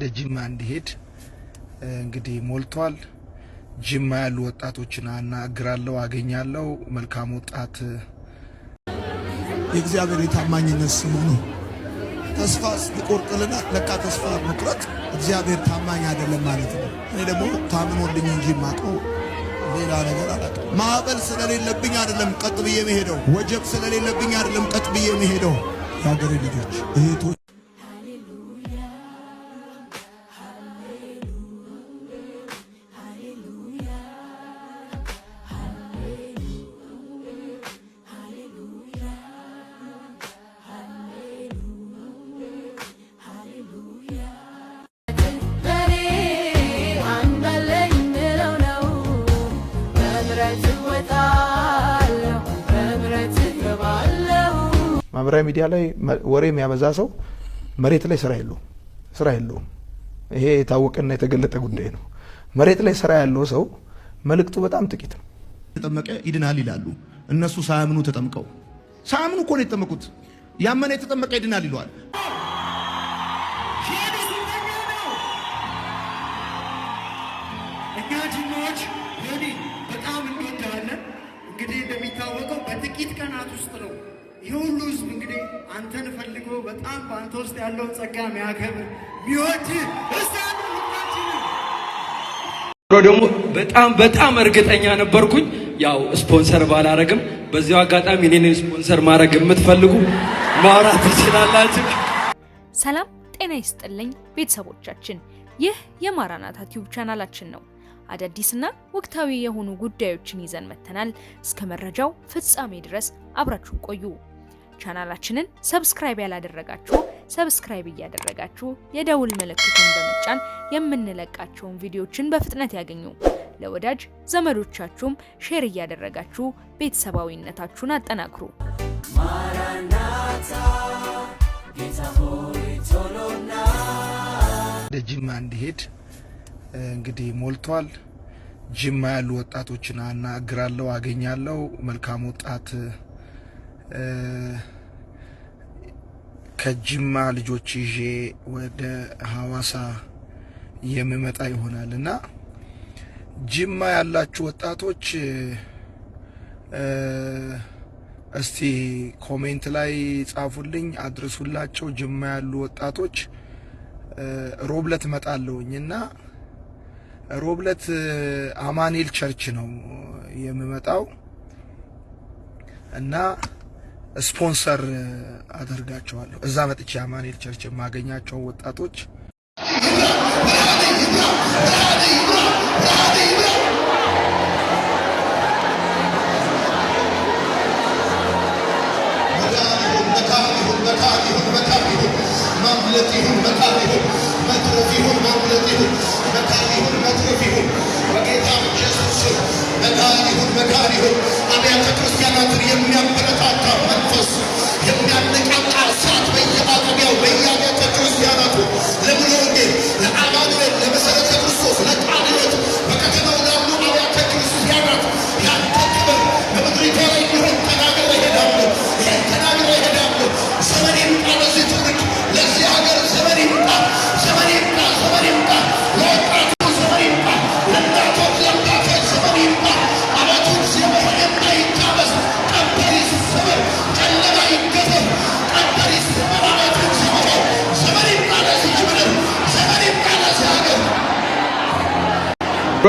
ወደ ጅማ እንዲሄድ እንግዲህ ሞልቷል። ጅማ ያሉ ወጣቶችን አናግራለሁ፣ አገኛለሁ። መልካም ወጣት የእግዚአብሔር የታማኝነት ስሙ ነው። ተስፋ ስትቆርጥልና ለካ ተስፋ መቁረጥ እግዚአብሔር ታማኝ አይደለም ማለት ነው። እኔ ደግሞ ታምኖልኝ እንጂ የማውቀው ሌላ ነገር አላውቅም። ማዕበል ስለሌለብኝ አይደለም ቀጥ ብዬ መሄደው፣ ወጀብ ስለሌለብኝ አይደለም ቀጥ ብዬ መሄደው። የሀገሬ ልጆች እህቶች ማህበራዊ ሚዲያ ላይ ወሬ የሚያበዛ ሰው መሬት ላይ ስራ የለውም፣ ስራ የለውም። ይሄ የታወቀና የተገለጠ ጉዳይ ነው። መሬት ላይ ስራ ያለው ሰው መልእክቱ በጣም ጥቂት ነው። ተጠመቀ ይድናል ይላሉ እነሱ ሳያምኑ ተጠምቀው፣ ሳያምኑ እኮ ነው የተጠመቁት። ያመነ የተጠመቀ ይድናል ይለዋል። በጣም እንወዳለን። እንግዲህ እንደሚታወቀው በጥቂት ቀናት ውስጥ ነው ይህ ሁሉ ህዝብ እንግዲህ አንተን ፈልጎ በጣም በአንተ ውስጥ ያለውን ጸጋ የሚያከብር ሚወድ ደግሞ በጣም በጣም እርግጠኛ ነበርኩኝ። ያው ስፖንሰር ባላረግም በዚያው አጋጣሚ እኔን ስፖንሰር ማድረግ የምትፈልጉ ማውራት ትችላላችሁ። ሰላም ጤና ይስጥልኝ ቤተሰቦቻችን፣ ይህ የማራናታ ቲዩብ ቻናላችን ነው። አዳዲስና ወቅታዊ የሆኑ ጉዳዮችን ይዘን መተናል። እስከ መረጃው ፍጻሜ ድረስ አብራችሁ ቆዩ። ቻናላችንን ሰብስክራይብ ያላደረጋችሁ ሰብስክራይብ እያደረጋችሁ የደውል ምልክቱን በመጫን የምንለቃቸውን ቪዲዮዎችን በፍጥነት ያገኙ። ለወዳጅ ዘመዶቻችሁም ሼር እያደረጋችሁ ቤተሰባዊነታችሁን አጠናክሩ። ወደ ጅማ እንዲሄድ እንግዲህ ሞልቷል። ጅማ ያሉ ወጣቶችን አናግራለሁ፣ አገኛለሁ። መልካም ወጣት ከጅማ ልጆች ይዤ ወደ ሀዋሳ የምመጣ ይሆናል እና ጅማ ያላችሁ ወጣቶች እስቲ ኮሜንት ላይ ጻፉልኝ፣ አድርሱላቸው። ጅማ ያሉ ወጣቶች ሮብለት መጣለውኝ እና ሮብለት አማኔል ቸርች ነው የምመጣው እና ስፖንሰር አደርጋቸዋለሁ። እዛ መጥቼ አማኑኤል ቸርች የማገኛቸው ወጣቶች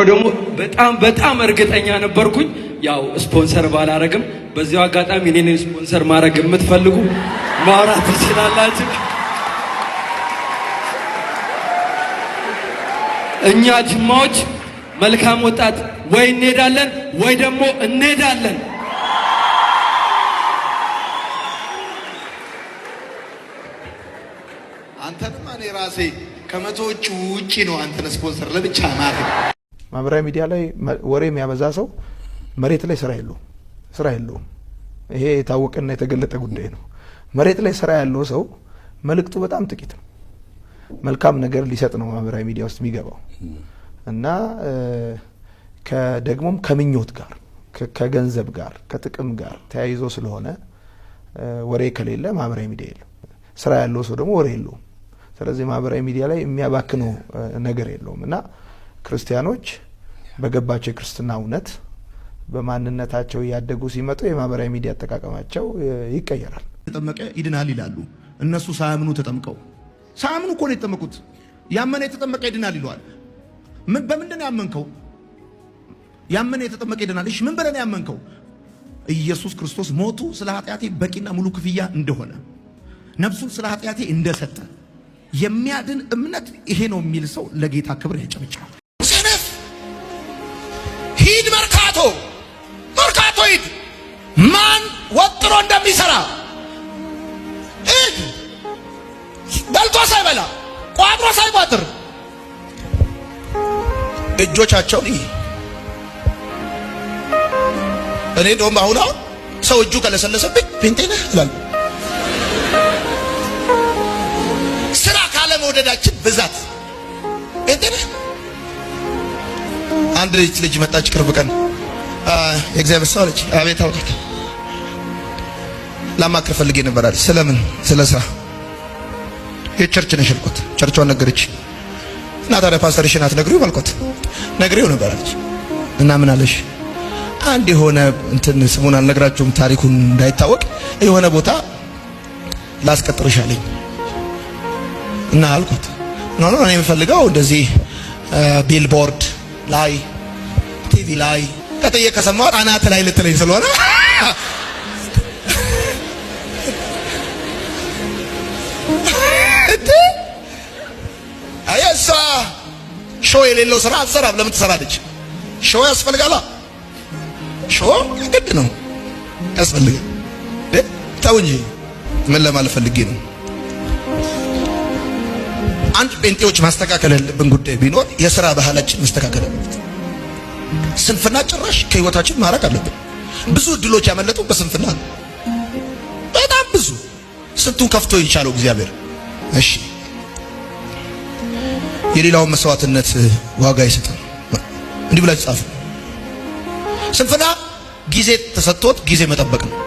ደግሞ በጣም በጣም እርግጠኛ ነበርኩኝ። ያው ስፖንሰር ባላረግም በዚያው አጋጣሚ እኔን ስፖንሰር ማድረግ የምትፈልጉ ማውራት ትችላላችሁ። እኛ ጅማዎች መልካም ወጣት ወይ እንሄዳለን ወይ ደግሞ እንሄዳለን። አንተንማ እኔ ራሴ ከመቶዎቹ ውጪ ነው አንተን ስፖንሰር ለብቻ ማለት ማህበራዊ ሚዲያ ላይ ወሬ የሚያበዛ ሰው መሬት ላይ ስራ የለውም ስራ የለውም። ይሄ የታወቀና የተገለጠ ጉዳይ ነው። መሬት ላይ ስራ ያለው ሰው መልእክቱ በጣም ጥቂት ነው። መልካም ነገር ሊሰጥ ነው ማህበራዊ ሚዲያ ውስጥ የሚገባው እና ደግሞም ከምኞት ጋር ከገንዘብ ጋር ከጥቅም ጋር ተያይዞ ስለሆነ ወሬ ከሌለ ማህበራዊ ሚዲያ የለም። ስራ ያለው ሰው ደግሞ ወሬ የለውም። ስለዚህ ማህበራዊ ሚዲያ ላይ የሚያባክነው ነገር የለውም እና ክርስቲያኖች በገባቸው የክርስትና እውነት በማንነታቸው እያደጉ ሲመጡ የማህበራዊ ሚዲያ አጠቃቀማቸው ይቀየራል። ተጠመቀ ይድናል ይላሉ። እነሱ ሳያምኑ ተጠምቀው ሳያምኑ እኮ ነው የተጠመቁት። ያመነ የተጠመቀ ይድናል ይለዋል። በምንድን ነው ያመንከው? ያመነ የተጠመቀ ይድናል። እሺ ምን ብለን ያመንከው? ኢየሱስ ክርስቶስ ሞቱ ስለ ኃጢአቴ በቂና ሙሉ ክፍያ እንደሆነ ነፍሱን ስለ ኃጢአቴ እንደሰጠ የሚያድን እምነት ይሄ ነው የሚል ሰው ለጌታ ክብር ያጨብጫል። ሂድ መርካቶ መርካቶ ሂድ። ማን ወጥሮ እንደሚሰራ ሂድ። በልቶ ሳይበላ ቋጥሮ ሳይቋጥር እጆቻቸውን ይ እኔ እንደውም አሁን አሁን ሰው እጁ ከለሰለሰብኝ ፔንቴ ነህ እላለሁ። ስራ ካለመውደዳችን ብዛት ፔንቴ ነህ አንድ ልጅ ልጅ መጣች ቅርብ ቀን የእግዚአብሔር ሰው አለች። አቤት አልኳት። ላማክር ፈልጌ ነበር አለች። ስለምን? ስለ ስራ። የቸርች ነሽ አልኳት። ቸርቿን ነገረች እና ታዲያ ፓስተርሽን አትነግሪውም አልኳት። ነግሬው ነበር አለች። እና ምን አለሽ? አንድ የሆነ እንትን ስሙን አልነግራችሁም ታሪኩን እንዳይታወቅ የሆነ ቦታ ላስቀጥርሽ አለኝ እና አልኳት። ኖ ኖ እኔ የምፈልገው እንደዚህ ቢልቦርድ ላይ ቲቪ ላይ ተጠየቅ ከሰማሁ አናት ላይ ልትለኝ ስለሆነ እሷ ሾው የሌለው ስራ አትሰራም። ለምን ትሰራለች? ሾው ያስፈልጋላ። ሾው ግድ ነው ያስፈልጋል። ተው እንጂ ምን ለማለት ፈልጌ ነው። አንድ ጴንጤዎች ማስተካከል ያለብን ጉዳይ ቢኖር የስራ ባህላችን መስተካከል አለበት። ስንፍና ጭራሽ ከህይወታችን ማራቅ አለብን። ብዙ እድሎች ያመለጡ በስንፍና ነው። በጣም ብዙ ስንቱን ከፍቶ የቻለው እግዚአብሔር። እሺ የሌላውን መስዋዕትነት ዋጋ ይሰጣል። እንዲህ ብላችሁ ጻፉ። ስንፍና ጊዜ ተሰጥቶት ጊዜ መጠበቅ ነው።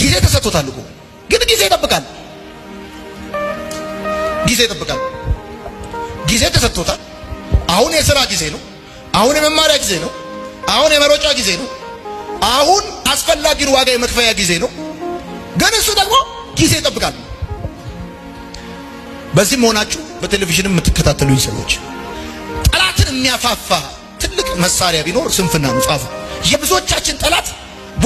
ጊዜ ተሰጥቶታል እኮ ግን ጊዜ ይጠብቃል። ጊዜ ይጠብቃል። ጊዜ ተሰጥቶታል። አሁን የሥራ ጊዜ ነው። አሁን የመማሪያ ጊዜ ነው። አሁን የመሮጫ ጊዜ ነው። አሁን አስፈላጊውን ዋጋ የመክፈያ ጊዜ ነው። ግን እሱ ደግሞ ጊዜ ይጠብቃል። በዚህም መሆናችሁ በቴሌቪዥንም የምትከታተሉኝ ሰዎች ጠላትን የሚያፋፋ ትልቅ መሳሪያ ቢኖር ስንፍና ነው። ጻፉ። የብዙዎቻችን ጠላት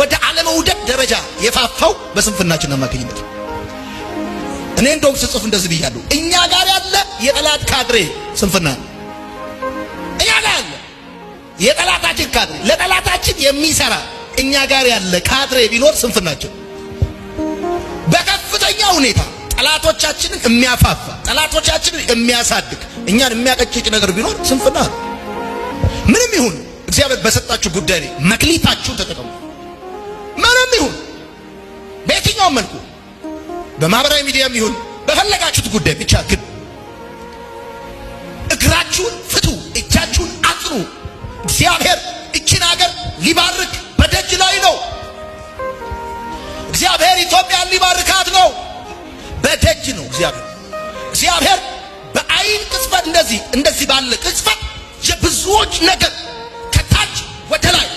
ወደ አለመውደድ ደረጃ የፋፋው በስንፍናችን አማካኝነት እኔ እንደውም ስጽፍ እንደዚህ ብያለሁ። እኛ ጋር ያለ የጠላት ካድሬ ስንፍና፣ እኛ ጋር ያለ የጠላታችን ካድሬ፣ ለጠላታችን የሚሰራ እኛ ጋር ያለ ካድሬ ቢኖር ስንፍናቸው በከፍተኛ ሁኔታ ጠላቶቻችንን የሚያፋፋ ጠላቶቻችንን የሚያሳድግ እኛን የሚያቀጭጭ ነገር ቢኖር ስንፍና። ምንም ይሁን እግዚአብሔር በሰጣችሁ ጉዳይ ላይ መክሊታችሁን ተጠቀሙ። ምንም ይሁን በየትኛውም መልኩ በማህበራዊ ሚዲያም ይሁን በፈለጋችሁት ጉዳይ ብቻ ግን እግራችሁን ፍቱ፣ እጃችሁን አጽኑ። እግዚአብሔር እችን ሀገር ሊባርክ በደጅ ላይ ነው። እግዚአብሔር ኢትዮጵያን ሊባርካት ነው። በደጅ ነው እግዚአብሔር እግዚአብሔር በአይን ቅጽበት እንደዚህ እንደዚህ ባለ ቅጽበት የብዙዎች ነገር ከታች ወደ ላይ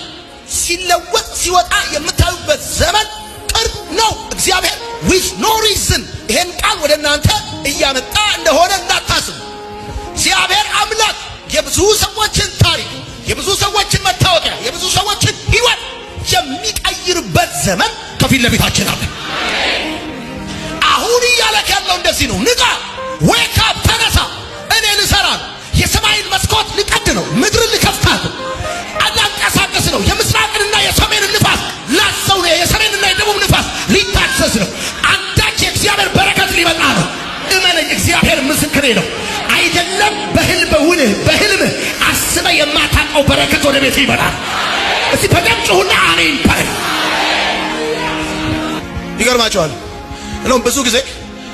ሲለወጥ ሲወጣ የምታዩበት ዘመን ነው እግዚአብሔር ዊዝ ኖ ሪዝን ይሄን ቃል ወደ እናንተ እያመጣ እንደሆነ እንዳታስቡ። እግዚአብሔር አምላክ የብዙ ሰዎችን ታሪክ፣ የብዙ ሰዎችን መታወቂያ፣ የብዙ ሰዎችን ሕይወት የሚቀይርበት ዘመን ከፊት ለፊታችን አለ። አሁን እያለክ ያለው እንደዚህ ነው። ንቃ፣ ዌክ አፕ፣ ተነሳ። እኔ ልሰራ ነው። የሰማይን መስኮት ልቀድ ነው። ምድርን ልከፍታት ነው። ነው። የምስራቅንና የሰሜንን ንፋስ ላሰው ነው። የሰሜንና የደቡብ ንፋስ ሊታሰስ ነው። አንዳች የእግዚአብሔር በረከት ሊመጣ ነው። እመነኝ፣ እግዚአብሔር ምስክሬ ነው። አይደለም በህል በውልህ በህልምህ አስበ የማታውቀው በረከት ወደ ቤት ይመጣል። እስቲ በደም ጩሁና አሜን በል። ይገርማቸዋል። እንደውም ብዙ ጊዜ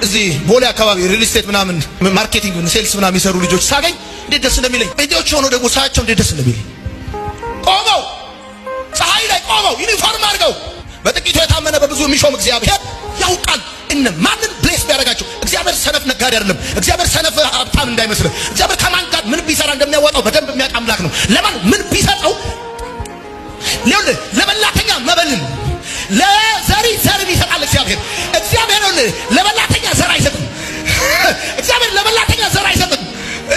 እዚህ ቦሌ አካባቢ ሪል ስቴት ምናምን ማርኬቲንግ ሴልስ ምናምን የሚሰሩ ልጆች ሳገኝ እንዴት ደስ እንደሚለኝ ልጆች ሆኖ ደግሞ ሳያቸው እንዴት ደስ እንደሚለኝ ቆመው ፀሐይ ላይ ቆመው ዩኒፎርም አድርገው በጥቂቱ የታመነ በብዙ የሚሾም እግዚአብሔር ያውቃል እነ ማንን ብሌስ ቢያደርጋቸው። እግዚአብሔር ሰነፍ ነጋዴ አይደለም። እግዚአብሔር ሰነፍ ሀብታም እንዳይመስልህ። እግዚአብሔር ከማን ጋር ምን ቢሰራ እንደሚያወጣው በደንብ የሚያውቅ አምላክ ነው። ለማን ምን ቢሰጠው ሊሆን ለበላተኛ መበልን ለዘሪ ዘርን ይሰጣል። እግዚአብሔር እግዚአብሔር ለበላተኛ ዘር አይሰጥም። እግዚአብሔር ለበላተኛ ዘር አይሰጥም።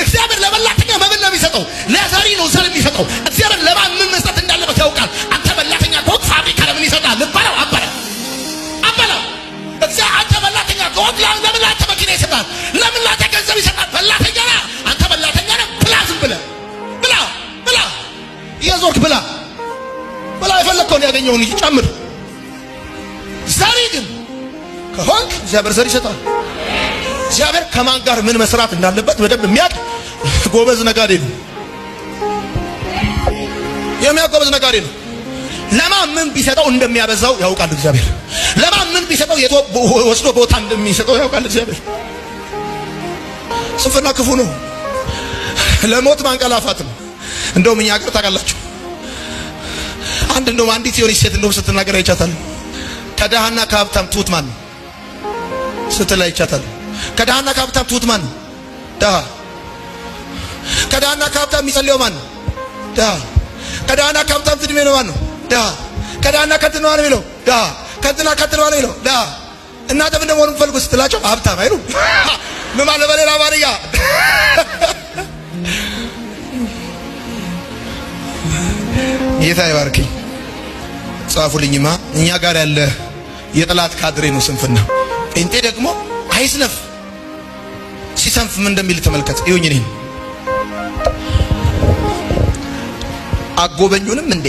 እግዚአብሔር ለበላተኛ መብል ነው የሚሰጠው። ለዘሪ ነው ዘር የሚሰጠው እግዚአብሔር አታምር። ዛሬ ግን ከሆንክ እግዚአብሔር ዘር ይሰጣል። እግዚአብሔር ከማን ጋር ምን መስራት እንዳለበት በደንብ የሚያቅ ጎበዝ ነጋዴ ነው። የሚያውቅ ጎበዝ ነጋዴ ነው። ለማን ምን ቢሰጠው እንደሚያበዛው ያውቃል እግዚአብሔር። ለማን ምን ቢሰጠው የቶ ወስዶ ቦታ እንደሚሰጠው ያውቃል እግዚአብሔር። ስንፍና ክፉ ነው። ለሞት ማንቀላፋት ነው። እንደውም እኛ አገር ታውቃላችሁ አንድ እንደውም አንዲት የሆነች ሴት እንደውም ስትናገር አይቻታል። ከድሃና ከሀብታም ትሁት ማን ነው ስትል አይቻታል። ከድሃና ከሀብታም ትሁት ማን ነው? ድሃ። ከድሃና ከሀብታም የሚጸልየው ማን ነው? ድሃ። ከሀብታም ትድሜ ነው ማን ነው? ድሃ። ከድሃና ከእንትን የሚለው ድሃ። ከእንትና ከእንትን ነው የሚለው ድሃ። እናንተ ምን እንደሆነ የምትፈልጉ ስትላቸው ሀብታም አይሉ ምን ማለት በሌላ አማርኛ ጌታ ይባርክኝ። ጻፉልኝማ። እኛ ጋር ያለ የጠላት ካድሬ ነው ስንፍና። ጴንጤ ደግሞ አይስነፍ ሲሰንፍ ምን እንደሚል ተመልከት። ይሁኝ ነኝ አጎበኙንም እንዴ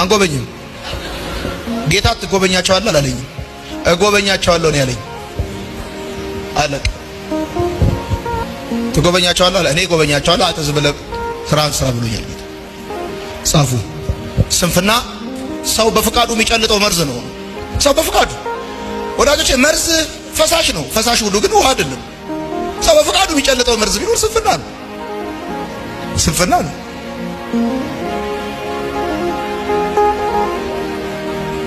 አንጎበኝም። ጌታ ትጎበኛቸዋለህ አላለኝም። እጎበኛቸዋለሁ ነው ያለኝ። አለቅ ትጎበኛቸዋለህ አለ። እኔ እጎበኛቸዋለሁ። አተዝ ብለህ ስራህን ስራ ብሎኛል። ጻፉ። ስንፍና ሰው በፍቃዱ የሚጨልጠው መርዝ ነው። ሰው በፍቃዱ ወዳጆች፣ መርዝ ፈሳሽ ነው። ፈሳሽ ሁሉ ግን ውሃ አይደለም። ሰው በፍቃዱ የሚጨልጠው መርዝ ቢኖር ስንፍና ነው። ስንፍና ነው።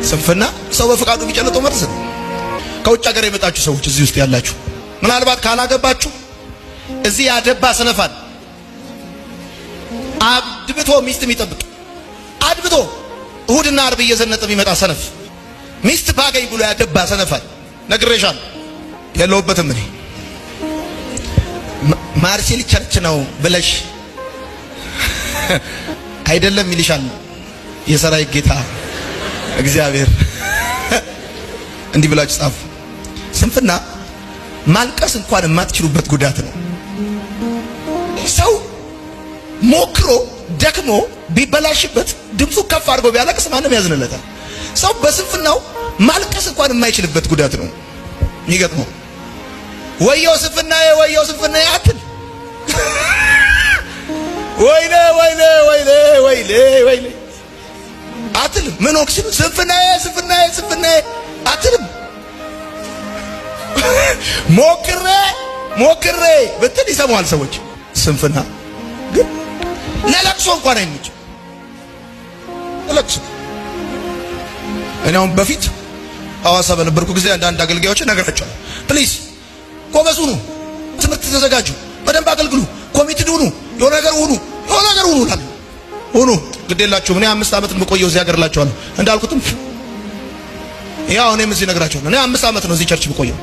ስንፍና ሰው በፍቃዱ የሚጨልጠው መርዝ ነው። ከውጭ ሀገር የመጣችሁ ሰዎች እዚህ ውስጥ ያላችሁ ምናልባት ካላገባችሁ እዚህ ያደባ ስነፋል አድብቶ ሚስት የሚጠብቅ አድብቶ እሁድና አርብ እየዘነጠ የሚመጣ ሰነፍ ሚስት ባገኝ ብሎ ያገባ ሰነፋል። ነግሬሻል። የለውበትም እኔ ማርሴል ቸርች ነው ብለሽ አይደለም ይልሻል የሰራዊት ጌታ እግዚአብሔር። እንዲህ ብላችሁ ጻፉ። ስንፍና ማልቀስ እንኳን የማትችሉበት ጉዳት ነው። ሰው ሞክሮ ደክሞ ቢበላሽበት ድምፁ ከፍ አድርጎ ቢያለቅስ ማንም ያዝንለታል። ሰው በስንፍናው ማልቀስ እንኳን የማይችልበት ጉዳት ነው የሚገጥመው። ወየው ስንፍናዬ፣ ወየው ስፍና አትል። ወይለ ወይለ ወይለ ወይለ ወይለ አትልም። ምን ወክሲም ስንፍናዬ፣ ስንፍናዬ፣ ስንፍናዬ አትልም። ሞክሬ ሞክሬ ብትል ይሰማዋል ሰዎች። ስንፍና ግን ለለቅሶ እንኳን አይመችም። እለቅሱ። እኔ በፊት ሐዋሳ በነበርኩ ጊዜ አንዳንድ አገልጋዮችን ነገራቸው፣ ፕሊዝ ጎበዝ ሁኑ፣ ትምህርት ተዘጋጁ፣ በደንብ አገልግሉ፣ ኮሚትድ ሁኑ፣ የሆነ ነገር ሁኑ፣ የሆነ ነገር ሁኑ እላለሁ። ሁኑ እላለሁ ሁኑ ግዴላችሁ እኔ አምስት ዓመት የምቆየው እዚህ ሀገር እላቸዋለሁ። እንዳልኩትም ያው እኔም እዚህ እነግራቸዋለሁ። እኔ አምስት ዓመት ነው እዚህ ቸርች የምቆየው።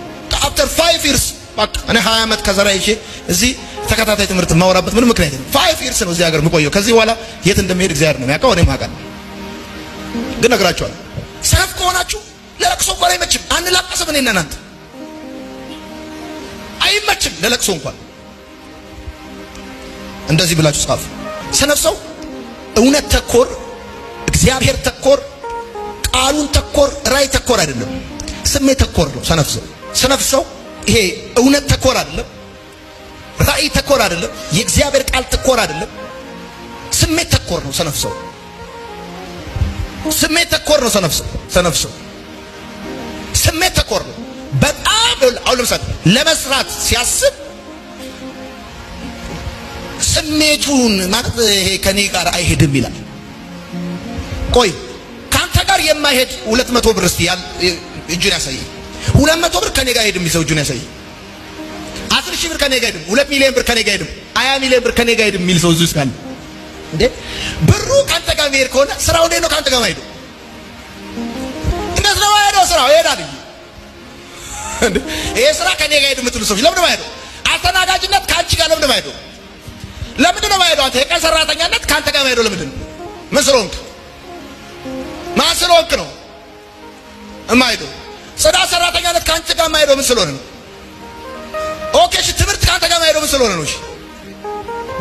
አፍተር ፋይቭ ይርስ በቃ እኔ ሀያ ዓመት ከዘራ ይዤ እዚህ ተከታታይ ትምህርት የማወራበት ምንም ምክንያት የለም። ፋይቭ ይርስ ነው እዚህ ሀገር የምቆየው። ከዚህ በኋላ የት እንደሚሄድ እግዚአብሔር ነው የሚያውቀው። እኔም አውቃለሁ። ግን ነግራቸዋል። ሰነፍ ከሆናችሁ ለለቅሶ እንኳን አይመችም። አንላቀስም። እኔና እናንተ አይመችም ለለቅሶ እንኳን። እንደዚህ ብላችሁ ጻፉ። ሰነፍ ሰው እውነት ተኮር፣ እግዚአብሔር ተኮር፣ ቃሉን ተኮር፣ ራይ ተኮር አይደለም፣ ስሜት ተኮር ነው። ሰነፍ ሰው ሰነፍ ሰው ይሄ እውነት ተኮር አይደለም፣ ራይ ተኮር አይደለም፣ የእግዚአብሔር ቃል ተኮር አይደለም፣ ስሜት ተኮር ነው ሰነፍ ሰው። ስሜት ተኮር ነው። ሰነፍሱ ሰነፍሱ ስሜት ተኮር ነው። በጣም አሁን ለምሳሌ ለመስራት ሲያስብ ስሜቱን ማለት ይሄ ከኔ ጋር አይሄድም ይላል። ቆይ ከአንተ ጋር የማይሄድ ሁለት መቶ ብር እስቲ እጁን ያሳይ። ሁለት መቶ ብር ከኔ ጋር አይሄድም ይሰው እጁን ያሳይ። አስር ሺህ ብር ከኔ ጋር አይሄድም፣ ሁለት ሚሊዮን ብር ከኔ ጋር አይሄድም፣ ሀያ ሚሊዮን ብር ከኔ ጋር አይሄድም የሚል ሰው እዚህ ውስጥ ካለ እንዴ ብሩ ካንተ ጋር መሄድ ከሆነ ስራው እንዴት ነው ካንተ ጋር መሄዱ? እንዴት ነው ማሄደው? ስራው ይሄዳል እንዴ? ይሄ ስራ ከኔ ጋር ሄዱ የምትሉ ሰዎች ለምን ነው አስተናጋጅነት ከአንቺ ጋር ለምን ነው ማሄደው? ለምንድን ነው ማሄደው? አንተ የቀን ሰራተኛነት ካንተ ጋር ማሄደው ለምንድን ነው? ምን ስለሆንክ ማን ስለሆንክ ነው የማሄደው? ጽዳት ሰራተኛነት ካንቺ ጋር ማሄደው ምን ስለሆነ ነው? ኦኬ እሺ፣ ትምህርት ካንተ ጋር ማሄደው ምን ስለሆነ ነው? እሺ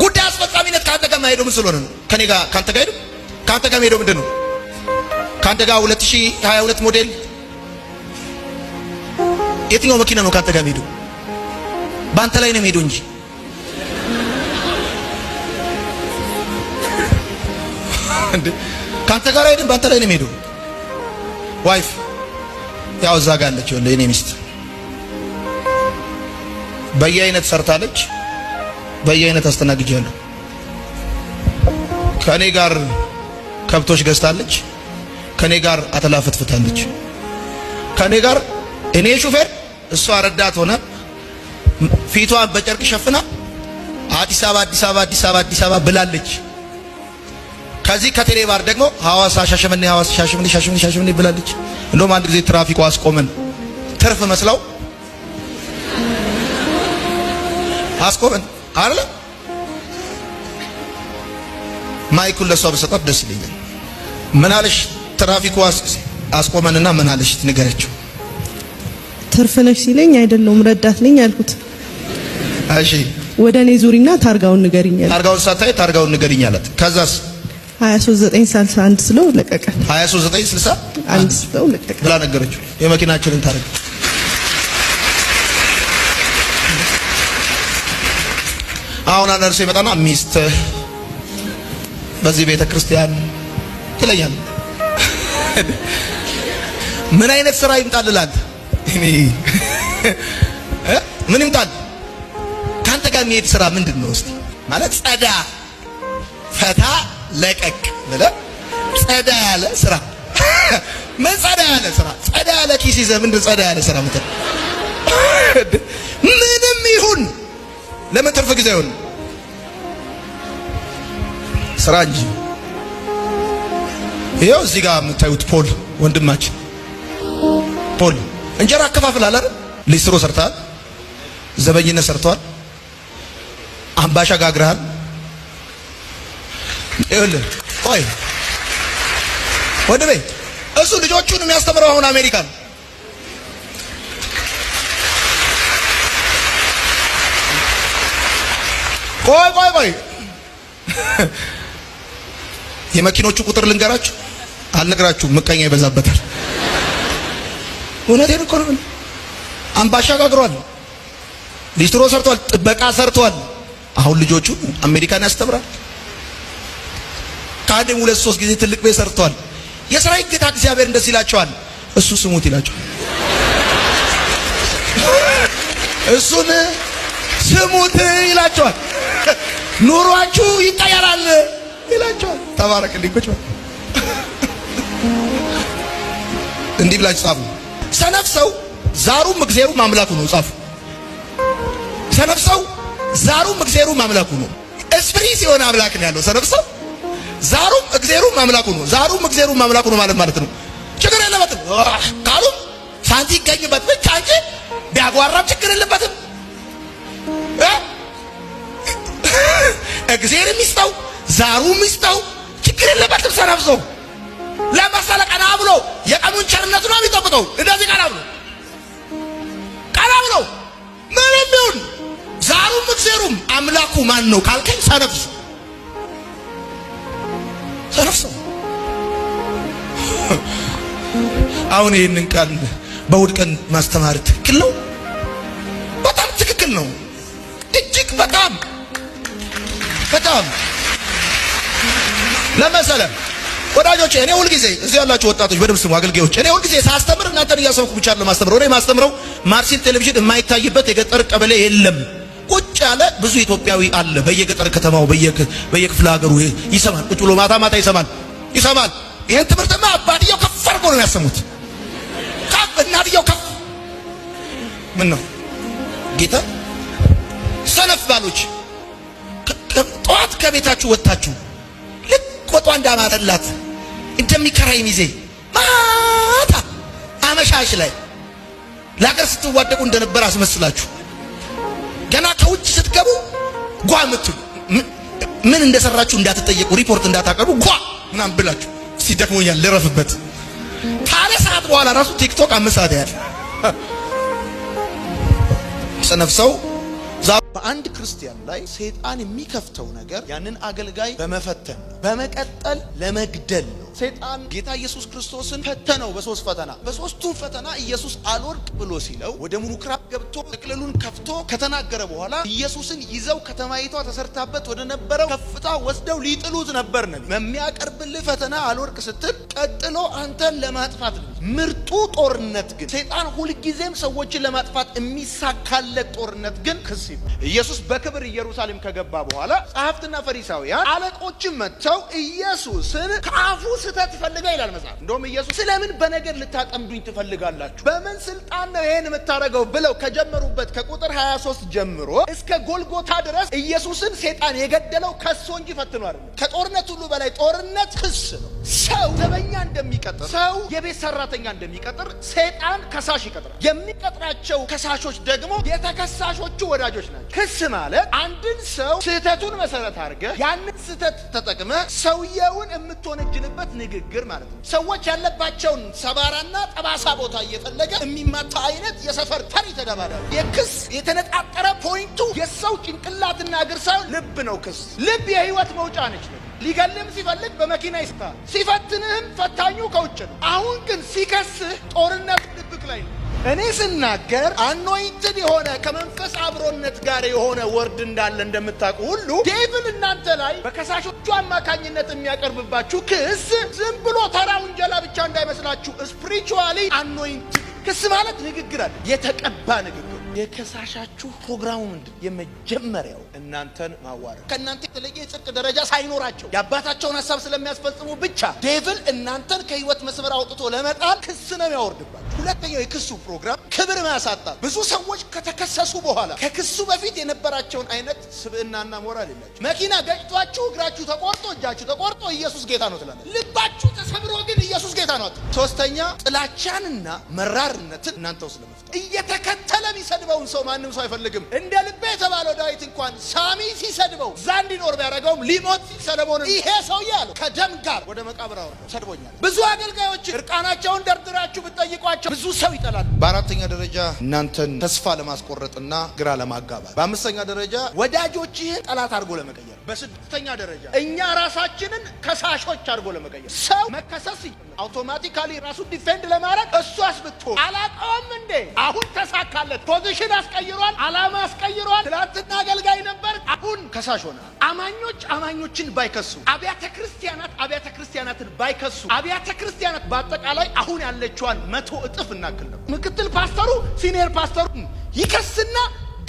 ጉዳይ አስፈጻሚነት ከአንተ ጋር መሄደው ምን ስለሆነ ነው? ከኔ ጋር ካንተ ጋር ሄዱ ካንተ ጋር መሄደው ምንድን ነው? ካንተ ጋር 2022 ሞዴል የትኛው መኪና ነው ካንተ ጋር መሄደው? በአንተ ላይ ነው መሄደው እንጂ ካንተ ጋር አይደለም፣ በአንተ ላይ ነው መሄደው። ዋይፍ ያው እዛ ጋር አለች የኔ ሚስት በየአይነት ሰርታለች። በየአይነት አስተናግጃለሁ። ከእኔ ጋር ከብቶች ገዝታለች፣ ከእኔ ጋር አተላፈትፍታለች፣ ከእኔ ጋር እኔ ሹፌር እሷ ረዳት ሆነ ፊቷን በጨርቅ ሸፍና አዲስ አበባ አዲስ አበባ አዲስ አበባ አዲስ አበባ ብላለች። ከዚህ ከቴሌ ባር ደግሞ ሐዋሳ ሻሸመኔ ሐዋሳ ሻሸመኔ ሻሸመኔ ሻሸመኔ ብላለች። እንደውም አንድ ጊዜ ትራፊኩ አስቆመን ትርፍ መስለው አስቆመን። አለ ማይኩን ለሷ በሰጣት ደስ ይለኛል። ምን አለሽ? ትራፊኩ አስቆመንና ምን አለሽ? ንገረችው። ትርፍነሽ ሲለኝ አይደለም ረዳት ነኝ አልኩት። እሺ ወደ እኔ ዙሪና ታርጋውን ንገሪኛል። ታርጋውን ሳታይ ታርጋውን ንገሪኛለት። ከዛስ 2961 ስለው ለቀቀ። 23961 ስለው ለቀቀ ብላ ነገረችው የመኪናችንን ታርጋ አሁን አንድ እርሱ ይመጣና ሚስትህ በዚህ ቤተ ክርስቲያን ትለኛል። ምን አይነት ስራ ይምጣልላል? እኔ ምን ይምጣል? ካንተ ጋር የሚሄድ ስራ ምንድን ነው? እስቲ ማለት ጸዳ ፈታ ለቀቅ ብለህ ጸዳ ያለ ስራ ምን ጸዳ ያለ ስራ ጸዳ ያለ ኪስ ይዘህ ምንድን ጸዳ ያለ ስራ ምንም ይሁን ለምን ትርፍ ጊዜ ይሁን ስራ እንጂ። ይኸው እዚህ ጋር የምታዩት ፖል ወንድማችን ፖል እንጀራ አከፋፍላል አይደል? ሊስትሮ ሰርተሃል፣ ዘበኝነት ሰርተዋል፣ አምባሻ ጋግረሃል። ይኸውልህ ቆይ ወንድሜ እሱ ልጆቹን የሚያስተምረው አሁን አሜሪካ ነው። ቆይ ቆይ ቆይ የመኪኖቹ ቁጥር ልንገራችሁ? አልነግራችሁ ምቀኛ ይበዛበታል። እውነቴን እኮ ነው። አምባሻ ጋግሯል፣ ሊስትሮ ሰርቷል፣ ጥበቃ ሰርቷል። አሁን ልጆቹ አሜሪካን ያስተምራል። ከአንድም ሁለት ሶስት ጊዜ ትልቅ ቤት ሰርቷል። የስራ ይገታ እግዚአብሔር እንደዚህ ይላቸዋል፣ እሱ ስሙት ይላቸዋል። እሱን ስሙት ይላቸዋል። ኑሯችሁ ይቀየራል። ይላቸዋል። ተባረክ እንዲኮች እንዲህ ብላችሁ ጻፉ። ሰነፍ ሰው ዛሩም እግዜሩም ማምላኩ ነው። ጻፉ። ሰነፍ ሰው ዛሩም እግዜሩም አምላኩ ነው። እስፕሪት የሆነ አምላክ ነው ያለው ሰነፍ ሰው ዛሩም እግዜሩም አምላኩ ነው። ዛሩም እግዜሩም አምላኩ ነው ማለት ማለት ነው። ችግር የለበትም ካሉም ሳንቲ ይገኝበት ብቻ እንጂ ቢያጓራም ችግር የለበትም። እግዜር የሚስተው ዛሩ ሚስጠው ችግር የለበትም። ሰነፍ ሰው ለመሰለ ቀና ብሎ የቀኑን ቸርነቱ ነው የሚጠብቀው። እንደዚህ ቀና ብሎ ቀና ብሎ ምንም ይሁን ዛሩም እግዜሩም አምላኩ ማን ነው ካልከኝ ሰነፍሶ ሰነፍሶ አሁን ይህንን ቃል በውድቀን ማስተማር ትክክል ነው፣ በጣም ትክክል ነው። እጅግ በጣም በጣም ለመሰለ ወዳጆቼ እኔ ሁልጊዜ እዚህ ያላችሁ ወጣቶች በደምብ ስሙ፣ አገልጋዮች እኔ ሁልጊዜ ሳስተምር እናንተን እያሰብኩ ብቻ ነው ማስተምረው። እኔ ማስተምረው ማርሲን ቴሌቪዥን የማይታይበት የገጠር ቀበሌ የለም። ቁጭ ያለ ብዙ ኢትዮጵያዊ አለ በየገጠር ከተማው በየክፍለ ሀገሩ ይሰማል። ቁጭ ብሎ ማታ ማታ ይሰማል ይሰማል። ይህን ትምህርትማ አባትየው ከፍ አድርጎ ነው ያሰሙት። ከፍ እናትየው ከፍ ምን ነው ጌታ ሰነፍ ባሎች ጠዋት ከቤታችሁ ወጥታችሁ ቆጦ እንዳማጠላት እንደሚከራይ ሚዜ ማታ አመሻሽ ላይ ለሀገር ስትዋደቁ እንደነበር አስመስላችሁ ገና ከውጭ ስትገቡ ጓ ምትሉ ምን እንደሰራችሁ እንዳትጠየቁ ሪፖርት እንዳታቀርቡ ጓ ምናምን ብላችሁ ሲደክሞኛል ልረፍበት ታለ ሰዓት በኋላ ራሱ ቲክቶክ አምስት ሰዓት ሰነፍሰው በአንድ ክርስቲያን ላይ ሰይጣን የሚከፍተው ነገር ያንን አገልጋይ በመፈተን ነው። በመቀጠል ለመግደል ነው። ሰይጣን ጌታ ኢየሱስ ክርስቶስን ፈተነው በሶስት ፈተና። በሶስቱ ፈተና ኢየሱስ አልወርቅ ብሎ ሲለው ወደ ምኩራብ ገብቶ ጥቅልሉን ከፍቶ ከተናገረ በኋላ ኢየሱስን ይዘው ከተማይቷ ተሰርታበት ወደ ነበረው ከፍታ ወስደው ሊጥሉት ነበር። ነው የሚያቀርብልህ ፈተና አልወርቅ ስትል ቀጥሎ አንተን ለማጥፋት ነው። ምርጡ ጦርነት ግን ሰይጣን ሁልጊዜም ሰዎችን ለማጥፋት የሚሳካለት ጦርነት ግን ክስ ኢየሱስ በክብር ኢየሩሳሌም ከገባ በኋላ ጸሐፍትና ፈሪሳውያን አለቆችን መጥተው ኢየሱስን ከአፉ ስህተት ፈልገ ይላል መጽሐፍ። እንደውም ኢየሱስ ስለምን በነገር ልታጠምዱኝ ትፈልጋላችሁ? በምን ስልጣን ነው ይሄን የምታደርገው? ብለው ከጀመሩበት ከቁጥር 23 ጀምሮ እስከ ጎልጎታ ድረስ ኢየሱስን ሰይጣን የገደለው ከሶ እንጂ ፈትኖ አይደለም። ከጦርነት ሁሉ በላይ ጦርነት ክስ ነው። ሰው ዘበኛ እንደሚቀጥር ሰው የቤት ሰራተኛ ጥፋተኛ እንደሚቀጥር ሰይጣን ከሳሽ ይቀጥራል። የሚቀጥራቸው ከሳሾች ደግሞ የተከሳሾቹ ወዳጆች ናቸው። ክስ ማለት አንድን ሰው ስህተቱን መሰረት አድርገህ ያንን ስህተት ተጠቅመ ሰውየውን የምትወነጅልበት ንግግር ማለት ነው። ሰዎች ያለባቸውን ሰባራና ጠባሳ ቦታ እየፈለገ የሚማታ አይነት የሰፈር ተር ተደባዳቢ የክስ የተነጣጠረ ፖይንቱ የሰው ጭንቅላትና እግር ሳይሆን ልብ ነው። ክስ ልብ የህይወት መውጫ ነች። ሊገልም ሲፈልግ በመኪና ይስታል። ሲፈትንህም ፈታኙ ከውጭ ነው። አሁን ግን ሲከስህ ጦርነት ድብቅ ላይ ነው። እኔ ስናገር አኖይንትን የሆነ ከመንፈስ አብሮነት ጋር የሆነ ወርድ እንዳለ እንደምታውቁ ሁሉ ዴቪል እናንተ ላይ በከሳሾቹ አማካኝነት የሚያቀርብባችሁ ክስ ዝም ብሎ ተራ ውንጀላ ብቻ እንዳይመስላችሁ፣ ስፕሪቹዋሊ አኖይንት ክስ ማለት ንግግር አለ፣ የተቀባ ንግግር የከሳሻችሁ ፕሮግራሙ ምንድን? የመጀመሪያው እናንተን ማዋረድ። ከእናንተ የተለየ የጽድቅ ደረጃ ሳይኖራቸው የአባታቸውን ሀሳብ ስለሚያስፈጽሙ ብቻ ዴቭል እናንተን ከህይወት መስመር አውጥቶ ለመጣል ክስ ነው ያወርድባል። ሁለተኛው የክሱ ፕሮግራም ክብር ማሳጣት። ብዙ ሰዎች ከተከሰሱ በኋላ ከክሱ በፊት የነበራቸውን አይነት ስብዕናና ሞራል የላቸው። መኪና ገጭቷችሁ እግራችሁ ተቆርጦ እጃችሁ ተቆርጦ ኢየሱስ ጌታ ነው ትላለ። ልባችሁ ተሰብሮ ግን ኢየሱስ ጌታ ነው። ሶስተኛ ጥላቻንና መራርነትን እናንተ ውስጥ ለመፍጠር እየተከተለ የሚሰድበውን ሰው ማንም ሰው አይፈልግም። እንደ ልቤ የተባለው ዳዊት እንኳን ሳሚ ሲሰድበው እዛ እንዲኖር ቢያደረገውም ሊሞት ሲል ሰለሞንን ይሄ ሰውዬ አለው ከደም ጋር ወደ መቃብር አወርደው ሰድቦኛል። ብዙ አገልጋዮች እርቃናቸውን ደርድራችሁ ብትጠይቋቸው ብዙ ሰው ይጠላል። በአራተኛ ደረጃ እናንተን ተስፋ ለማስቆረጥና ግራ ለማጋባት፣ በአምስተኛ ደረጃ ወዳጆችህን ጠላት አድርጎ ለመቀየር፣ በስድስተኛ ደረጃ እኛ ራሳችንን ከሳሾች አድርጎ ለመቀየር ሰው መከሰስ አውቶማቲካሊ ራሱን ዲፌንድ ለማድረግ እሱ አስብቶ አላቀውም እንዴ አሁን ተሳካለት። ፖዚሽን አስቀይሯል፣ አላማ አስቀይሯል። ትናንትና አገልጋይ ነበር፣ አሁን ከሳሽ ሆናል። አማኞች አማኞችን ባይከሱ፣ አብያተ ክርስቲያናት አብያተ ክርስቲያናትን ባይከሱ፣ አብያተ ክርስቲያናት በአጠቃላይ አሁን ያለችዋን መቶ እጥፍ እናክል ነው። ምክትል ፓስተሩ ሲኒየር ፓስተሩ ይከስና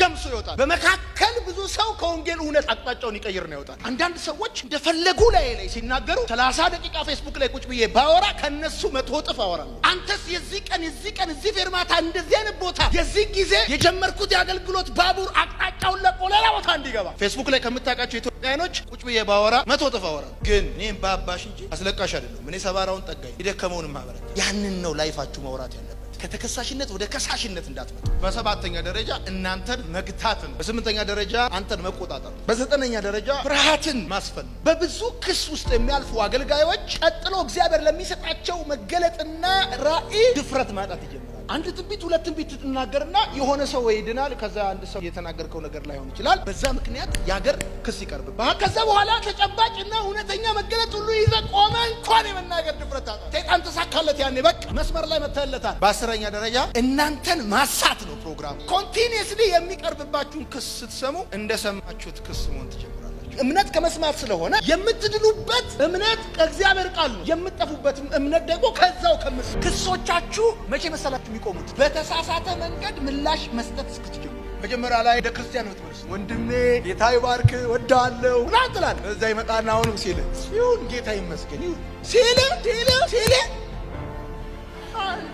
ገምሶ ይወጣል። በመካከል ብዙ ሰው ከወንጌል እውነት አቅጣጫውን ይቀይር ነው ይወጣል። አንዳንድ ሰዎች እንደፈለጉ ላይ ላይ ሲናገሩ ሰላሳ ደቂቃ ፌስቡክ ላይ ቁጭ ብዬ ባወራ ከነሱ መቶ እጥፍ አወራ። አንተስ የዚህ ቀን የዚህ ቀን እዚህ ፌርማታ እንደዚህ አይነት ቦታ የዚህ ጊዜ የጀመርኩት የአገልግሎት ባቡር አቅጣጫውን ለቆ ሌላ ቦታ እንዲገባ ፌስቡክ ላይ ከምታውቃቸው ኢትዮጵያኖች ቁጭ ብዬ ባወራ መቶ እጥፍ አወራ። ግን እኔም በአባሽ እንጂ አስለቃሽ አይደለሁም። እኔ ሰባራውን ጠጋኝ የደከመውንም ማበረታ። ያንን ነው ላይፋችሁ መውራት ያለ ከተከሳሽነት ወደ ከሳሽነት እንዳትመጡ። በሰባተኛ ደረጃ እናንተን መግታትን፣ በስምንተኛ ደረጃ አንተን መቆጣጠር፣ በዘጠነኛ ደረጃ ፍርሃትን ማስፈን። በብዙ ክስ ውስጥ የሚያልፉ አገልጋዮች ቀጥሎ እግዚአብሔር ለሚሰጣቸው መገለጥና ራእይ ድፍረት ማጣት ይጀምራል። አንድ ትንቢት ሁለት ትንቢት ትናገርና የሆነ ሰው ይድናል። ከዛ አንድ ሰው የተናገርከው ነገር ላይሆን ይችላል። በዛ ምክንያት የሀገር ክስ ይቀርብብሃል። ከዛ በኋላ ተጨባጭ እና እውነተኛ መገለጥ ሁሉ ይዘ ቆመ እንኳን የመናገር ድፍረት ሰይጣን ተሳካለት። ያኔ በቃ መስመር ላይ መታለታል። በአስረኛ ደረጃ እናንተን ማሳት ነው ፕሮግራሙ። ኮንቲኒየስሊ የሚቀርብባችሁን ክስ ስትሰሙ እንደሰማችሁት ክስ መሆን ትችላል። እምነት ከመስማት ስለሆነ የምትድኑበት እምነት ከእግዚአብሔር ቃል ነው። የምትጠፉበትም እምነት ደግሞ ከዛው ከምስ ክሶቻችሁ መቼ መሰላችሁ የሚቆሙት በተሳሳተ መንገድ ምላሽ መስጠት እስክትጀምሩ። መጀመሪያ ላይ እንደ ክርስቲያን ብትመልስ ወንድሜ ጌታ ይባርክ ወዳለው ና ትላለህ። እዛ ይመጣና አሁንም ሲል ሲሆን ጌታ ይመስገን ይሁን ሲል ሲል ሲል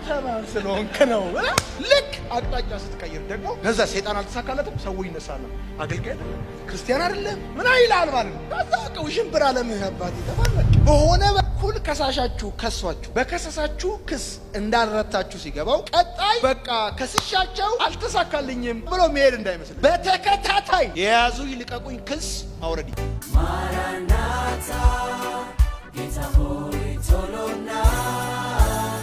ሰላም ስለሆንክ ነው። ልክ አቅጣጫ ስትቀይር ደግሞ ከዛ ሴጣን አልተሳካለትም። ሰው ይነሳል። አገልጋይ ክርስቲያን አይደለም ምን ይላል ማለት ከዛ ቀው ሽምብራ ለምህ አባት ይተባለ በሆነ በኩል ከሳሻችሁ ከሷችሁ፣ በከሰሳችሁ ክስ እንዳልረታችሁ ሲገባው ቀጣይ በቃ ከስሻቸው አልተሳካልኝም ብሎ መሄድ እንዳይመስል በተከታታይ የያዙ ይልቀቁኝ ክስ ማውረድ። ማራናታ ጌታ ሆይ ቶሎና